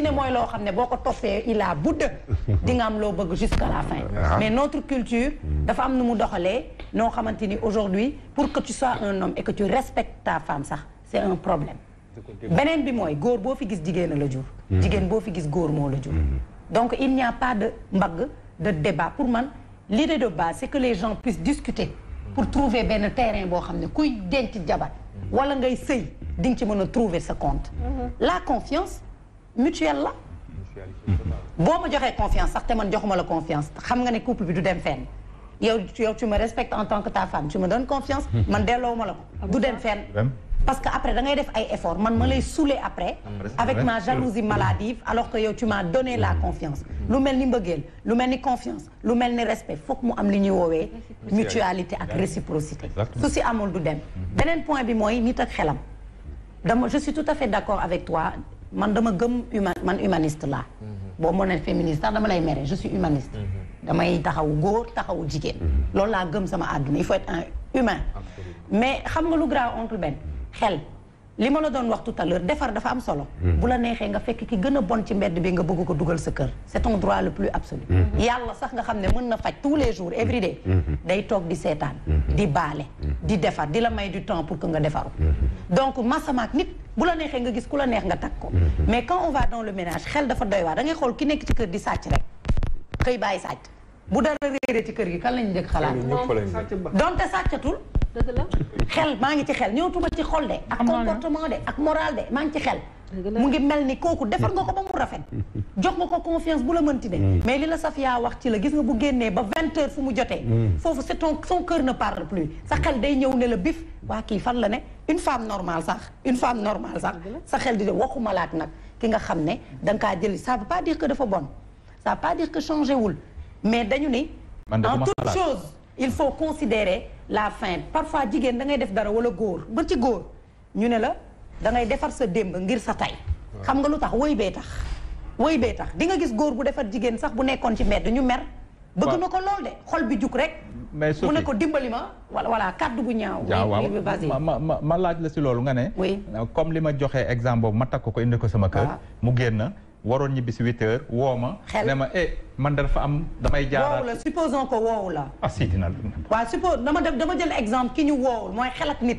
ciné mooy loo xam ne boo il a budd di nga am jusqu'à la fin ah. mais notre culture hmm. dafa am nu mu doxalee noo xamante aujourd'hui pour que tu sois un homme et que tu respectes ta femme ça c'est un problème beneen bi mooy góor boo fi gis jigéen a le jour. Hmm. jigéen boo fi gis góor moo hmm. donc il n'y a pas de mbagg de débat pour man l'idée de base c'est que les gens puissent discuter pour trouver un terrain boo xam ne kuy denc jabar wala ngay sëy di ci mën trouver sa compte la confiance mutuelle la. je ma ai confiance sax te man joxuma la confiance xam nga ne couple bi du dem fenn. yow tu me respectes en tant que ta femme tu me donnes confiance. man delloowuma la ko. Ah du dem parce que après da ngay def ay effort man ma lay après. avec ma jalousie maladive alors que yow tu m'as donné la mm. confiance. lu melni ni lu melni confiance lu melni respect Il mu am li ñuy mutualité ak réciprocité. ceci amul du dem. Mm. point bi moy nit ak xelam. je suis tout à fait d'accord avec toi man dama gëm humain, man humaniste la mhm. bo mo ne féministe dama lay méré je suis humaniste. Mhm. damay taxaw goor taxaw jigéen. Mhm. lool la gëm sama àdduna il faut être un humain. mais xam nga lu grave oncle Ben xel li ma la doon wax tout à l'heure défar dafa am solo. bu la nexé nga fekk ki gëna bon ci mbéd bi nga bëgg ko duggal sa kër. c'est ton droit le plus absolu. yalla sax nga xamné mën na fajj tous les jours every day. day toog di sétane di balé di défar di la may du temps pour que nga défar donc mak nit. bu la neexee nga gis ku la neex nga takk ko. Mhm. mais quand on va dans xel dafa doy waar da ngay xool ki nekk ci kër di sàcc rek xëy bàyyi sàcc bu dara réeré ci kër gi kan lañu njëkk xalaat. donte sàccatul. dëgg la xel maa ngi ci xel ñëw ñëwatuma ci xol de. ak comportement de ak moral de maa ngi ci xel. mu ngi mel ni kooku defar nga ko ba mu rafet jox nga ko confiance bu la mënti ne hmm. mais li la Safia wax ci la gis nga bu génnee ba 20 heures fu mu jotee hmm. foofu c'est ton son cœur ne parle plus sa xel day ñëw ne la bif waa kii fan la ne une femme normale sax une femme normale sax sa xel di de waxuma laat nag ki nga xam ne da nga kaa jëli ça veut pas dire que dafa bon ça veut pas dire que changé wul mais dañu ni en toute chose il faut considérer la fin parfois jigéen da ngay def dara wala góor ba ci góor ñu ne la da ngay defar sa démb ngir sa tay xam nga lu tax woy bee tax woy bee tax di nga gis góor bu defar jigéen sax bu nekkoon ci mbedd ñu mer bëgg na ko lool de xol bi juk rek mais mu ne ko dimbali ma voilà kàddu bu ñaaw ma ma ma laaj la si loolu nga ne comme li ma joxee exemple boobu ma takk ko indi ko sama kër mu génn waroon ñibbi si huit woo ma ne ma eh man dafa am damay jaaraat woowu la supposons woowu la ah dina waaw suppose dama dama jël exemple ki nit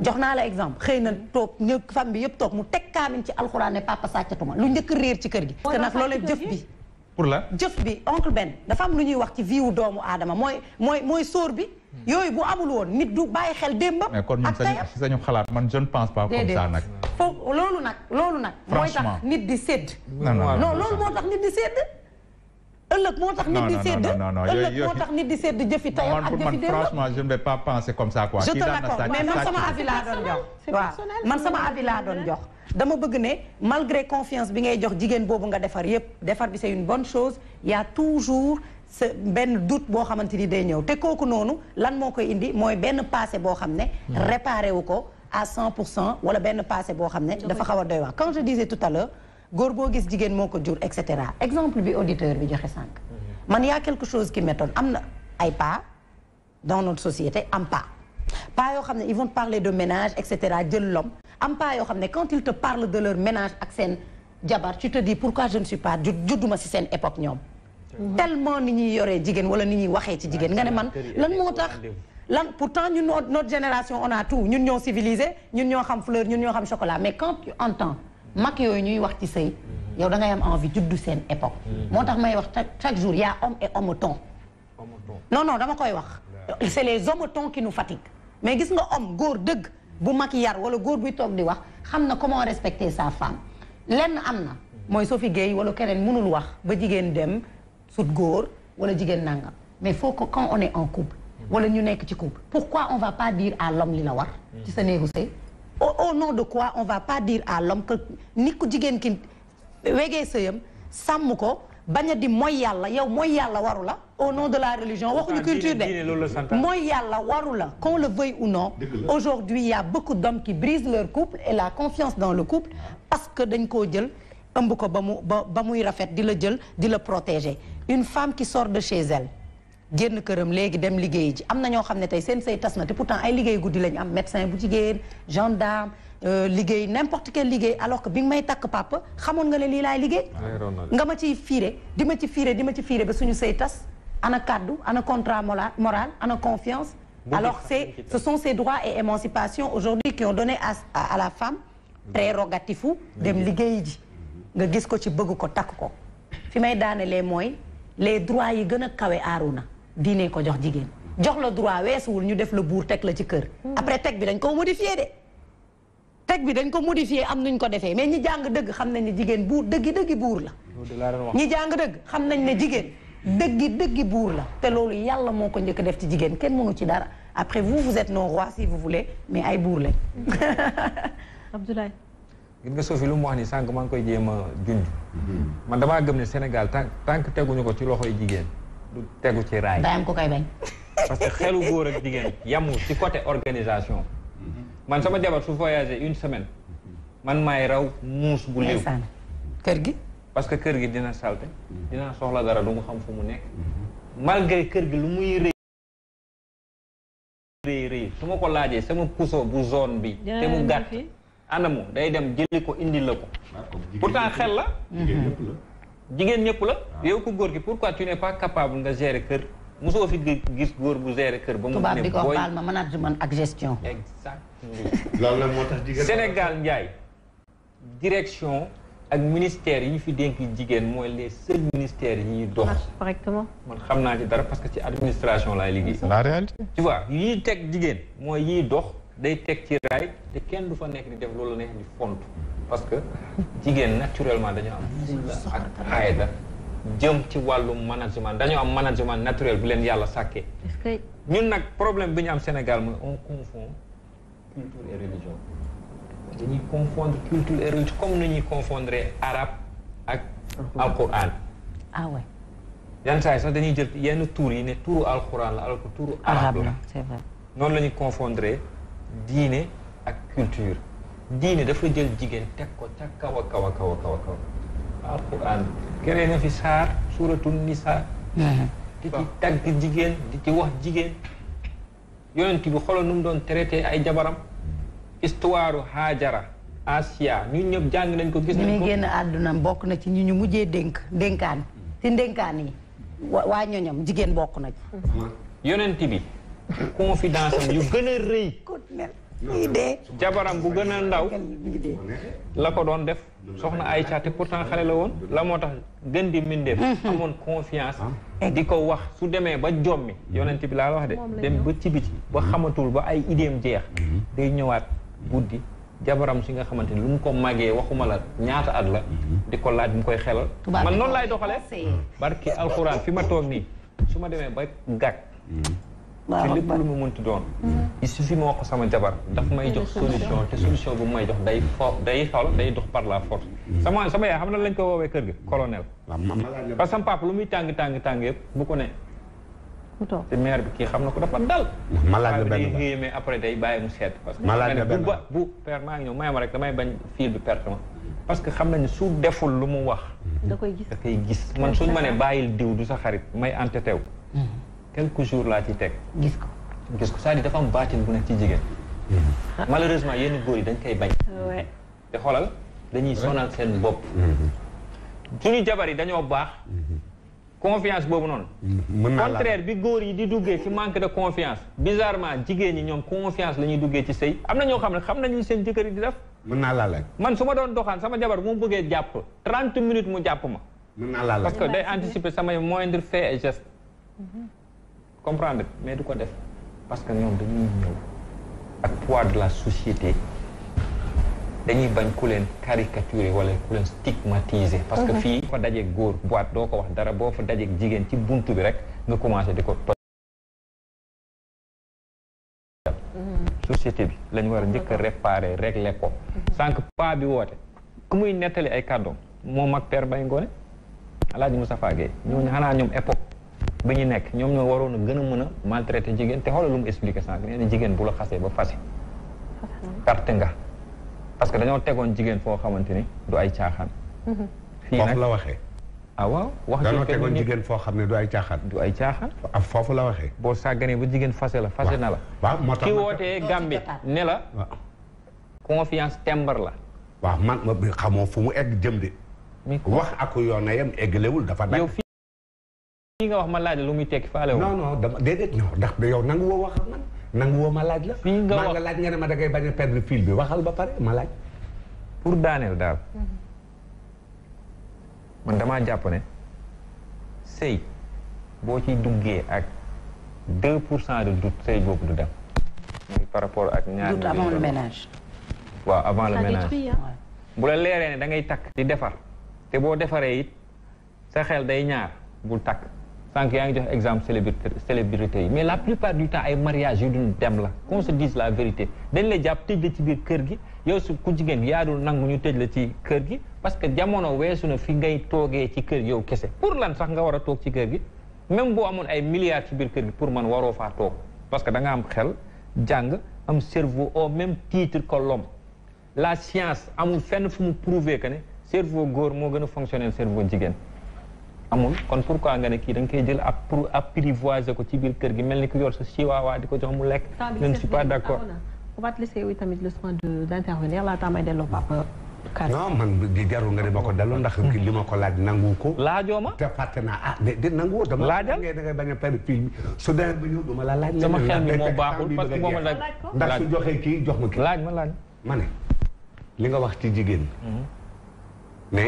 jox naa la exemple xëy na toog ñu fam bi yëpp toog mu teg kaamin ci alxuraan ne papa sàccatuma lu njëkk réer ci kër gi parce que nag loolu jëf pour la jëf bi oncle Ben dafa am lu ñuy wax ci vie doomu aadama mooy mooy mooy sóor bi hmm. yooyu bu amul woon nit du bàyyi xel démbam mais kon ñun sañu xalaat man je ne pense pas comme ça nag foofu loolu nag loolu nag mooy nit di sédd non loolu moo tax nit di sédd ëllëg moo tax nit di sedd ëllëg moo tax nit di sedd jëfi tayam ak jëfi démb franchement je ne vais pas penser comme ça quoi. je te l'accorde mais man sama avis laa doon jox. waaw man sama avis laa doon jox. dama bëgg ne malgré confiance bi ngay jox jigéen boobu nga defar yépp defar bi c'est une bonne chose y a toujours ce benn doute boo xamante ni day ñëw te kooku noonu lan moo koy indi mooy benn passé boo xam ne. Hmm. réparé wu ko à 100 pour cent wala benn passé boo xam ne. dafa xaw a doy waar quand je disais tout à l'heure gorbo gis jigen moko jur et cetera exemple bi auditeur bi joxe sank man ya quelque chose qui m'étonne amna ay pas dans notre société am pas pas yo xamne ils vont parler de ménage etc. cetera l'homme am pas yo xamne quand ils te parlent de leur ménage ak sen jabar tu te dis pourquoi je ne suis pas djuduma ci sen époque ñom tellement ni ñi yoré jigen wala ni ñi waxé ci jigen nga ne man lan motax lan pourtant nous, notre génération on a tout ñun ñoo civilisé ñun ñoo xam fleur ñun ñoo xam chocolat mais quand tu entends mag yooyu ñuy wax ci sëy yow da ngay am envie juddu seen époque mm-hmm. moo tax may wax chaque jour y a homme et homme-ton non non dama koy wax c'est les hommes ton qui nous fatiguent mais gis nga homme góor dëgg bu maki yar wala góor buy toog di wax xam na comment respecter sa femme lenn am na mm-hmm. mooy Sophie Gueye wala keneen mënul wax ba jigéen dem sut góor wala jigéen nangam mais faut que quand on est en couple mm-hmm. wala ñu nekk ci couple pourquoi on va pas dire à l'homme li la war ci sa néegu sëy au, nom de quoi on va pas dire à l'homme que ni ku jigéen ki wegee sëyam ko di moy yalla yow moy yalla au nom de la religion waxuñu culture de moy yalla waru qu'on le veuille ou non aujourd'hui il y a beaucoup d'hommes qui brisent leur couple et la confiance dans le couple parce que dañ on jël ëmb ko ba mu rafet di la jël la protéger une femme qui sort de chez elle génn këram léegi dem liggéey ji am na ñoo xam ne tey seen sëy tas na te pourtant ay liggéey guddi lañu am médecin bu jigéen gendarme euh, liggéey n'importe quel liggéey alors que bi nga may takk papa xamoon nga ne lii laay liggéey ah, nga ma ci fiire di ma ci fiire di ma ci fiire ba suñu sëy tas ana kaddu ana contrat moral ana confiance alors c'est ce sont ces droits et émancipations aujourd'hui qui ont donné à, à la femme mmh. prérogative u mmh. dem mmh. liggéey ji nga gis ko ci bëgg ko takk ko fi may daanelee mooy les droits yi gën a kawe aaruna diine ko jox jigéen jox la droit weesuwul ñu def la buur teg la ci kër. Hmm. après teg bi dañ koo modifie de. teg bi dañ ko modifié am nuñ ko defee mais ñi jàng dëgg xam nañ ne jigéen buur dëggi dëggi buur la. ñi jàng dëgg xam nañ ne jigéen dëggi dëggi buur la. te loolu yàlla moo ko njëkk def ci jigéen kenn mënu ci dara après vous vous êtes nos rois si vous voulez mais ay buur lañ. Abdoulaye. gis nga Sophie lu mu wax ni sànq maa ngi koy jéem a junj. Hmm. man damaa gëm ne Sénégal tant tant teguñu ko ci loxoy jigéen. du tegu ci raay. daa am ko kay bañ. parce que xelu góor ak jigéen yamul ci côté organisation. man sama jabar su voyagé une semaine. man maay raw muus bu léew. kër gi. parce que kër gi dina salte dina soxla dara du mu xam fu mu nekk. malgré kër gi lu muy rëy. rëy su ma ko laajee sama puso bu zone bi. te mu gàtt anamu day dem jëli ko indi la ko. pourtant xel la. jigéen ñëpp la ah. yow ko góor gi pourquoi tu n'es pas capable nga gérer kër mosoo fi gis góor bu gérer kër ba mu ne booy baal ma management ak gestion exact loolu la moo tax jigéen Sénégal Ndiaye direction ak ministère yi ñu fi denk jigéen mooy les seuls ministères yi ñuy dox correctement man xam naa ci dara parce que ci administration laay liggéey la réalité tu vois yi teg jigéen mooy yiy dox day teg ci raay te kenn du fa nekk di def loolu la neex di font parce que jigéen naturellement dañoo am ak fayda jëm ci wàllu management dañoo am management naturel bi leen yàlla sàkkee ñun nag problème bi ñu am Sénégal mooy on confond culture et religion dañuy comme ni ñuy confondre ak alquran ah yan saa sax dañuy jël yenn tuur yi ne tuuru alquran la alors que tuuru arabe la noonu la ñuy diine ak culture diine dafa jël jigéen teg ko ca kaw a kaw a kaw a kaw a kaw alquran këree na fi saar di ci tagg jigéen di ci wax jigéen yonent bi xoolal nu mu doon traité ay jabaram histoire Haajara asia ñun ñëpp jàng nañ ko gis nañ ko génn àdduna bokk na ci ñu ñu mujjee dénk dénkaan ci ndénkaan yi waa ñoñam jigéen bokk na ci yonent bi confidence yu gën a rëy muy dee jabaram bu gën a ndaw la ko doon def soxna ay te pourtant xale la woon la moo tax gën di mindeef mhm. amoon confiance ah. di ko wax su demee ba jommi yonent bi laa la wax de dem ba ci biti ba mhm. xamatul ba ay idéem jeex mhm. day ñëwaat guddi jabaram si nga xamante ni lu mu ko màggee waxuma la ñaata at la di ko laaj mu koy xelal man noonu laay doxalee barki alxuraan fi ma toog nii su ma demee ba gàkk ci lépp lu mu ti doon hmm. il suffit ma wax sama jabar daf may jox solution te solution bu may jox day fo day xaw day dox par la force hmm. sama sama yaay xam na lañ ko woowee kër gi colonel parce que sama papa lu muy tàng tàng tàng yëpp bu ko ne te maire bi kii xam na ko dafa dal malade la benn day mais après day bàyyi mu seet parce que malade la benn bu père maa ngi ñëw may ma rek damay bañ fil bi perte ma parce que xam nañu su deful lu mu wax hmm. da koy gis man suñ ma ne bàyyil diw du sa xarit may entêté wu quelques jours laa ci teg. gis ko gis ko c'est-à-dire dafa am baatin bu nekk ci jigéen. Mm-hmm. malheureusement yenn góor yi dañ koy bañ. te xoolal dañuy sonal seen bopp. Mm-hmm. suñu jabar yi dañoo baax. Mm-hmm. confiance boobu noonu. contraire bi góor yi di duggee ci manque de confiance. bizarrement jigéen ñi ñoom confiance la ñuy duggee ci sëy am na ñoo xam ne xam nañu seen jëkkër yi di def. mën naa laal man su ma doon doxaan sama jabar bu mu bëggee jàpp. 30 minutes mu jàpp ma. mën naa laal parce que day anticiper samay moindre fait et geste. comprendre mais du ko def parce que ñoom dañuy ñëw ak poids de la société dañuy bañ ku leen caricaturer wala ku leen stigmatiser. parce que mhm. fii ko dajeeg góor boîte doo ko wax dara boo fa dajeeg jigéen ci bunt bi rek nga commencé di ko toj. Mhm. société bi lañ war a njëkk a réparer régler ko. Mhm. sànq pas bi woote ku muy nettali ay kàddoom moom ak père Baye Ngoné Alaaji Moussa Faye xanaa ñoom époque. ba ñu nekk ñoom ñoo waroon a gën a mën a maltraité jigéen te xoolal lu mu expliqué sànq nee jigéen bu la xasee ba fase perte nga parce que dañoo tegoon jigéen foo xamante ni du ay caaxaan. Mhm. fii foofu la waxee. ah waaw wax dañoo tegoon jigéen foo xam ne du ay du ay caaxaan. Ah, foofu la waxee. boo sàgganee ba jigéen fase la fase na la. waaw moo tax ki wootee Gambie ne la. confiance tembar la. waaw man xamoo fu mu egg jëm de. wax ak yoon na yem eggalewul dafa. li nga wax ma laaj la lu muy tekki faale non non dama déedéet non ndax ba yow nangu woo wax ak man nangu woo ma laaj la maa nga laaj nga ne ma da ngay bañ a perdre fil bi waxal ba pare ma laaj pour daaneel daal man damaa jàpp sëy boo ci duggee ak deux pour cent de doute sëy boobu du dem muy rapport ak ñaar doute avant le ménage waaw avant bu la leeree ne dangay takk di defar te boo defaree it sa xel day ñaar bul takk sànq yaa ngi jox exemple célébrité célébrité mais la plupart du temps ay mariage yu duñ dem la qu'on se dise la vérité dañ lay jàpp tëj la ci biir kër gi yow su ku jigéen yaadul nangu ñu tëj la ci kër gi parce que jamono weesu na fi ngay toogee ci kër yow kese pour lan sax nga war a toog ci kër gi même boo amoon ay milliards ci biir kër gi pour man waroo faa toog parce que da nga am xel jàng am cerveau au même titre que l'homme la science amul fenn fu mu prouver que ne cerveau góor moo gën a fonctionner cerveau jigéen amul kon pourquoi nga ne kii da nga koy jël ab pour apprivoiser ko ci kër gi mel ni ku yor sa chihuahua di ko jox mu lekk. je ne d' d' intervenir nga ne ma ko delloo ndax hmm. li ko laaj nangu ko. laajoo ah, da a perdre fil la laaj. sama xel mi moo baaxul parce que moom la ma kii. ma laaj ma ne li nga wax ci jigéen hmm.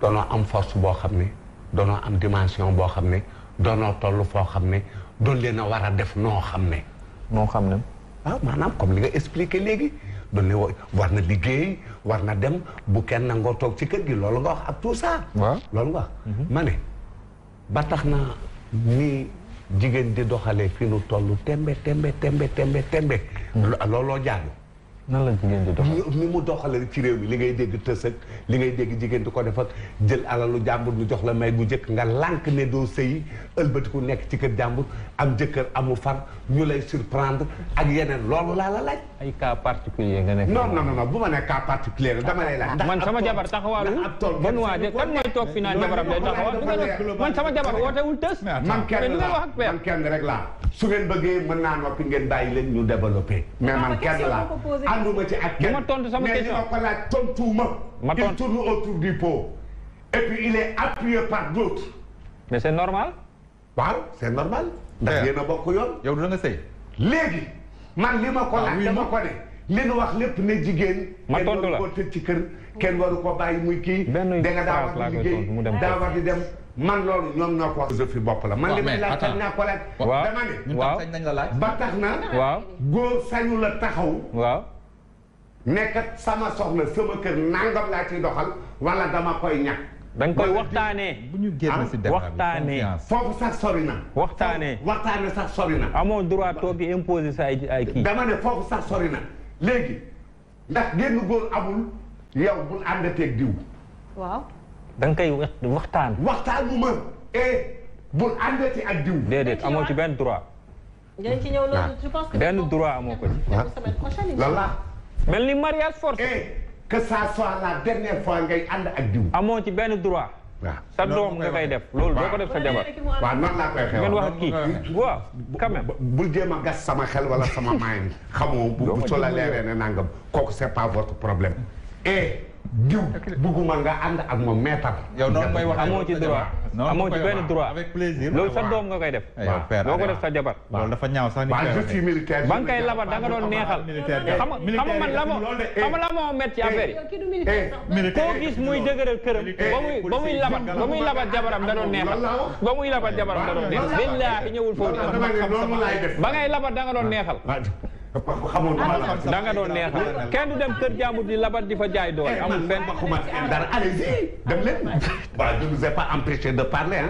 doonoo am force boo xam ne doonoo am dimension boo xam ne doonoo toll foo xam ne doon leen a war a def noo xam ne. noo xam ne. ah maanaam comme li nga expliqué léegi doon leen war na liggéey war na dem bu kenn nangoo toog ci kër gi loolu nga wax ak tout ça. waaw loolu nga wax. Mhm. ma ne ba tax na ni jigéen di doxalee fi nu toll tembe tembe tembe tembe tembe. Mhm. looloo jaadu. nan la jigéen di doxal ni mu doxalee ci réew mi li ngay dégg tës li ngay dégg jigéen du ko def jël alalu jàmbur ñu jox la may bu njëkk nga lànk ne doo sëyi ëlbatiku nekk ci kër jàmbur am jëkkër amu far ñu lay surprendre ak yeneen loolu laa la laaj. ay cas particulier nga nekk. non non non bu ma nee cas particulier dama lay laaj. man sama jabar taxawaalu. ban waa de kan mooy toog fii naan jabaram day taxawaalu. man sama jabar wootewul tës. man kenn la man kenn rek la su ngeen bëggee mën naa noppi ngeen bàyyi leen ñu développé. mais man kenn la ànduma ci ak kenn. ma tontu sama question mais li ma ko laaj tontuuma. ma tontu il tourne autour du pot. et puis il est appuyé par d'autres. mais c'est normal. waaw c'est normal. ndax yéen a bokk yoon. yow dina nga sëy léegi. man li ma ko ah laaj dama ko ne li wax lépp ne jigéen ma waru koo ci kër kenn waru ko bàyyi muy kii da nga daa war di liggéey daa war di dem man loolu ñoom ñoo ko wax fi bopp la man li may laaj sañ naa ko laaj dama ne waaw sañ nañ la laaj ba tax na waaw góor sañu la taxaw waaw nekkat sama kër nangam laa ciy doxal wala dama koy da nga koy waxtaanee. bu ñu génn si débat bi foofu sax sori na. waxtaanee waxtaanee sax sori na. amoo droit toog di imposer sa ay kii. dama ne foofu sax sori na léegi ndax génn góor amul yow bul àndateeg diw. waaw. da nga koy waxtaan. waxtaan bu ma et bul àndati ak diw. déedéet amoo ci benn droit. ngeen ci ñëw loolu ah. je pense que. benn droit amoo ko ci. lan ah. la. mel ni mariage forcé. E, que ça soit la dernière fois ngay ànd ak diw. amoo ci benn droit. waaw sa doom nga koy def loolu doo ko def sa jabar. waaw noonu laa koy xew ngeen wax kii waaw quand même. bul jéem a gas sama xel wala sama maay xamoo bu bu soo la leeree ne nangam kooku c'est pas votre problème et. diw bugguma nga ànd ak moom meetar. yow noonu may wax amoo ci droit. amoo ci benn droit avec plaisir. loolu sa doom nga koy def. doo ko def sa jabar. loolu dafa ñaaw sax ni ba nga koy labar da nga doon neexal. xam nga man la moo eh. xam moo met ci affaire yi. Eh, eh. koo gis muy dëgëral këram. ba muy ba muy labat ba muy labat jabaram da doon neexal. ba muy labat jabaram da doon neexal. billaahi ba ngay labat da nga doon neexal. xamoon da nga doon neexal kenn du dem kër jàmbur di labat di fa jaay doole eh, amul fenn waxuma dara allez-y dem leen waaw je ne vous pas empêché de parler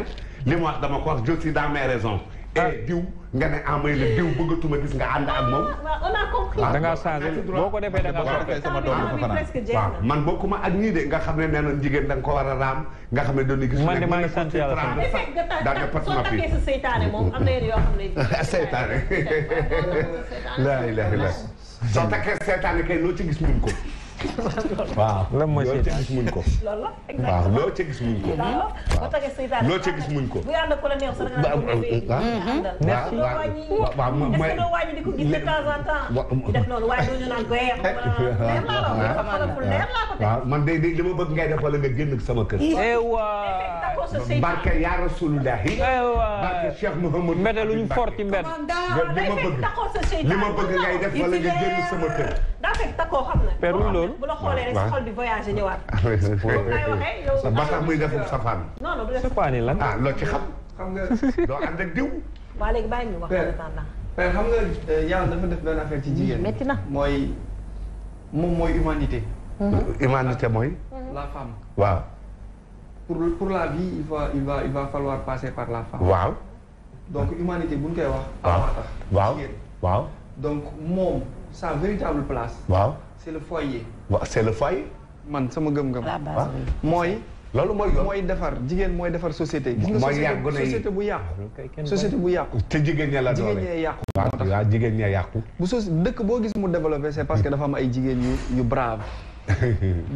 li mu wax dama ko wax dans mes raisons ah diw ga ne ah may la diw bëggatuma gis nga ànd ak moom. Ah, ah, a compris. da ngaa changé boo ko defee da ngaa changé sama doom bi fa fanaan. man bokkuma ak ñii de nga xam ne nee na jigéen da ko war a raam nga xam ne doon na gis. man de maa ngi sant yàlla sant daal nga pat ma fi. soo takkee sa seytaane moom am na yenn yoo xam ne. seytaane. laa ilaaha ci gis mun ko. waaw lan mooy loo ca gis muñ ko. loolu la exactement waaw loo ca gis muñ ko. waaw loo ca gis muñ ko. bu yàlla na ko la neex sax nga wàññi di ko gis de temps en temps. def loolu waaye doo ñu naan eh, goye waaw man de li ma bëgg ngay def wala nga génn sama kër. barke yaa rasulullahi. barke Cheikh Mouhamadou. mbedd luñ fort ci mbedd. li ma bëgg ngay def wala nga génn sama kër. daa fekk takkoo xam na. peru loolu bu la xoolee rek sa xol bi voyagé ñëwaat. Ah, muy def safaan. non non bu def safaan lan. ah loo ci xam. xam nga doo ànd ak diw. waa léegi bàyyi ñu wax. mais xam nga euh, yàlla dafa def benn affaire ci jigéen. métti na mooy moom mooy humanité. Mhm. humanité mooy. Mhm. la femme. waaw. pour pour la vie il va il va il va falloir passer par la femme. waaw. donc humanité bu ñu koy wax. waaw waaw tax jigéen. waaw donc moom. sa véritable place. waaw c'est le foyer. c'est le foyer. man sama gëm-gëm. moi base ah. mooy. moi mooy mooy defar jigéen mooy defar société. gis nga société bu yàqu. société bu yàqu. te jigéen ña la doole jigéen ña yàqu. waaw jigéen ña yàqu. bu so dëkk boo gis mu développé c'est parce que dafa am ay jigéen yu yu brave.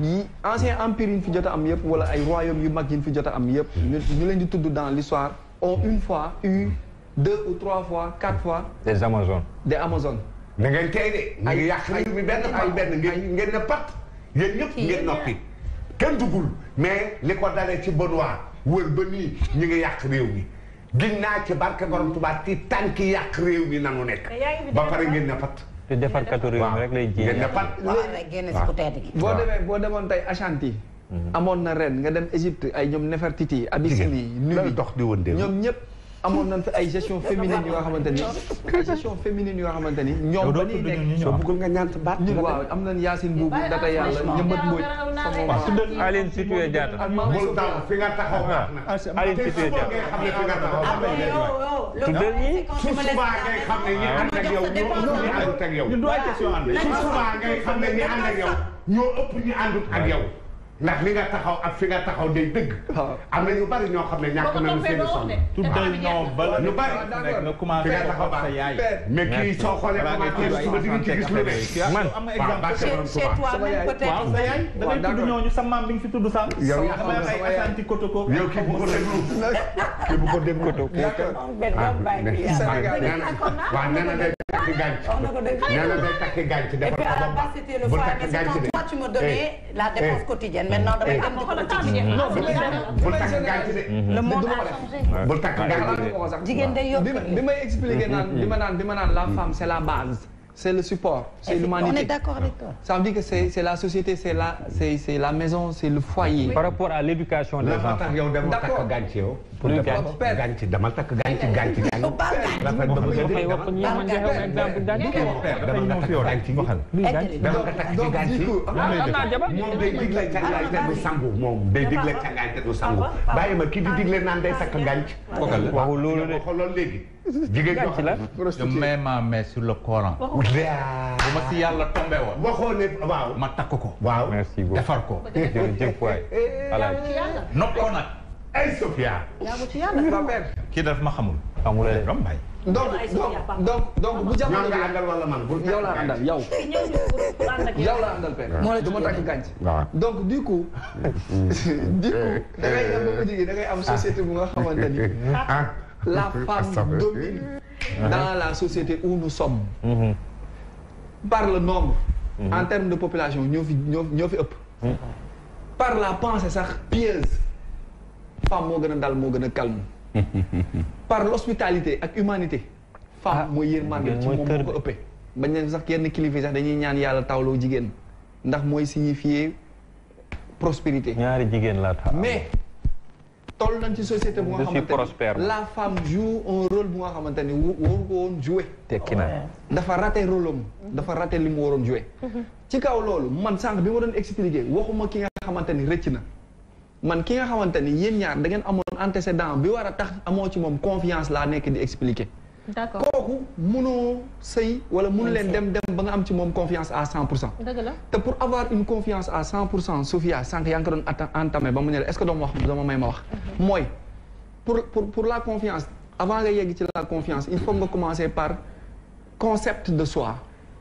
yi ancien empire yi fi jot a am yëpp wala ay royaume yu mag yi fi jot a am yëpp. Mm. ñu leen di tudd dans l'histoire ont une fois u mm. deux ou trois fois quatre fois. des amazones. des amazones. da ngeen tey de. ay yàq réew mi benn ay benn ngeen ngeen ne pat. yéen ñëpp ngeen noppi. kenn duggul mais li ko dalee ci Benoît wër ba nii ñu ngi yàq réew mi. gis naa ci barke Borom mm. Tuubaa ci tànki yàq réew mi nanu nekk. ba pare ngeen ne pat. te defar katu réew mi rek lay ji. ngeen ne pat waaw boo demee boo demoon tey Ashanti. Mhm. amoon na ren nga dem Égypte ay ñoom Nefertiti Abyssinie. Nubie loolu dox di wëndeel ñoom ñëpp. amoon nañ fi ay gestion féminine yoo xamante ni ay gestion féminine yoo xamante ni ñoom ba ñuy nekk soo bëggul nga ñaant baat ñun waaw am nañ Yacine Boubou Data Yàlla ñëmbat Mbodj waaw tuddal Aline Sitoé Diatta bul tax fi nga taxaw na ah, ah, Aline Sitoé Diatta xam ne fi nga taxaw ah, tuddal ñi su subaa ngay xam ne ñi ànd ak yow ñoo ëpp ñi àndut ak yow su subaa ngay xam ne ñi ànd ak yow ñoo ëpp ñi àndut ak yow ndax li nga taxaw ak fi nga taxaw day dëgg. am na ñu bari ñoo xam ne ñàkk nañu seen son. tout bari ñu bari. fi nga taxaw baax mais kii soo xoolee commencé suba di nga ci gis lu ne. man waaw baax na waaw sa yaay da ngay tudd ñooñu sa maam bi nga fi tudd sax. yow yaa xam ne ay asanti kotoko. yow kii bu ko déglu kii bu ko déglu. kotoko. Ah, takk gànc. wax na ko dëgg nee na day takk gànc. defal ko ba baax bu takk gànc de. tu m'as donné la dépense quotidienne maintenant damay am di quotidien. bu takk de. le monde a changé. bu takk gànc de. jigéen day yokk bi ma naan bi ma naan la femme c'est c'est le support, c'est l'humanité. On est d'accord avec toi. Ça veut dire que c'est la société, c'est la, c'est la maison, c'est le foyer. Par rapport à l'éducation D'accord. jigéen ñoo xam je mets ma main sur le ah, bu ma si yàlla tombé woon. waxoon ne takk ko. waaw merci beaucoup ko. jërëjëf waay. Eh, eh, Sofia. yaa kii daf ma xamul. xamulee dama bàyyi. donc bu jamono bi àndal wala man yow laa àndal yow. yow laa àndal père. moo ne du ma takk gànc. donc du coup. du eh. am société bu nga xamante ni. Ah. la femme domine uh-huh. dans la société où nous sommes uh-huh. par le nombre uh-huh. en termes de population ñoo fi ñoo fi ëpp par la pensée sax pieuse femme moo gën a dal moo gën a calme par l'hospitalité ak humanité femme ah. mooy yërmande ci moom moo ko ëppee bañ ne sax yenn kilifa sax dañuy ñaan yàlla tawloo jigéen ndax mooy signifier prospérité ñaari jigéen laa mais toll nañ ci société bu nga xamante ni la femme joue un rôle bu nga xamante ni waru ko woon jouer tekki na dafa rate rôle am dafa raté li mu waroon jouer mhm. ci kaw loolu man sànq bi ma doon expliquer waxuma ki nga xamante ni rëcc na man ki nga xamante ni yéen ñaar da ngeen amoon antécédent bi war a tax amoo ci moom confiance laa nekk di expliquer d'accord confiance à pour pour avoir une confiance à 100%, Sophia sans que ngi est-ce que tu wax me may ma wax mhm. pour la confiance avant de yegg ci la confiance il faut commencer par concept de soi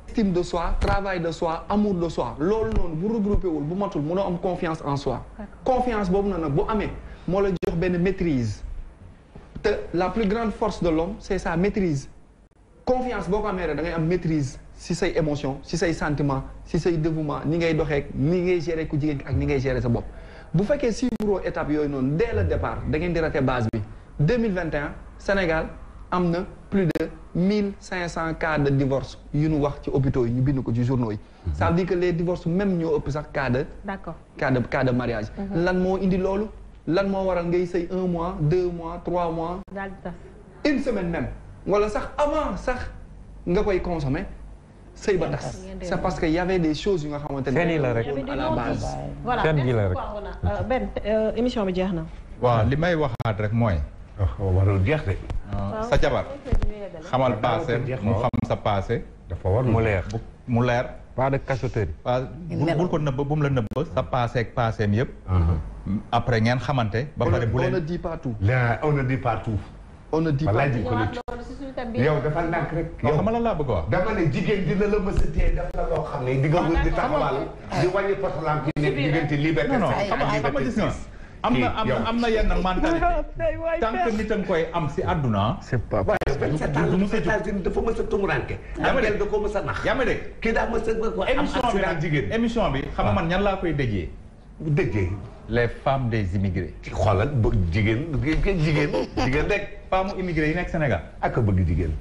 estime de soi travail de soi amour de soi loolu non, bu regroupé wul vous matul confiance en soi confiance vous avez maîtrise la plus grande force de l'homme c'est sa maîtrise confiance beaucoup ko da ngay am maîtrise si c'est émotion si c'est sentiment si c'est dévouement ni ngay doxeek ni ngay gérer ku jigéen ak ni ngay gérer sa bopp bu six suivre étape dès le départ da ngeen di raté base bi 2021 Sénégal am plus de 1500 cas de divorce yu nous wax ci hôpitaux yi nous bind ko journaux mhm. ça veut dire que les divorces même nous, ëpp sax cas de. d'accord cas de cas de mariage. Mhm. lan il indi loolu lan mo waral ngay un mois deux mois trois mois. une semaine même wala sax avant sax nga koy consommer ba c'est parce qu'il y avait des choses yu nga la à la base voilà euh, Ben, rek. Euh, émission bi jeexna wa li may rek oh, oh, jeex de. Ah, sa jabar xamal passé. war pas de ko passé après ngeen xamante. ba pare bu leen on ne dit pas tout. on ne dit pas tout. dafa nàkk rek. yow laa bëgg wax. dama ne jigéen dina la mës a téye def la loo xam ne di nga wër liberté. non non xam nga gis nga am na am na yenn mentalité tant que nit a koy am si adduna c'est pas c'est-à-dire dafa mës a tumuranke. Abdel da ko mës a nax. yaa ma dégg kii daa mës a ko am émission jigéen émission bi xam nga man ñan laa koy déjee. déjee. les femmes des immigrés. ci xoolal bëgg jigéen jigéen jigéen rek. femmes immigrés yi nekk Sénégal. ak a bëgg jigéen.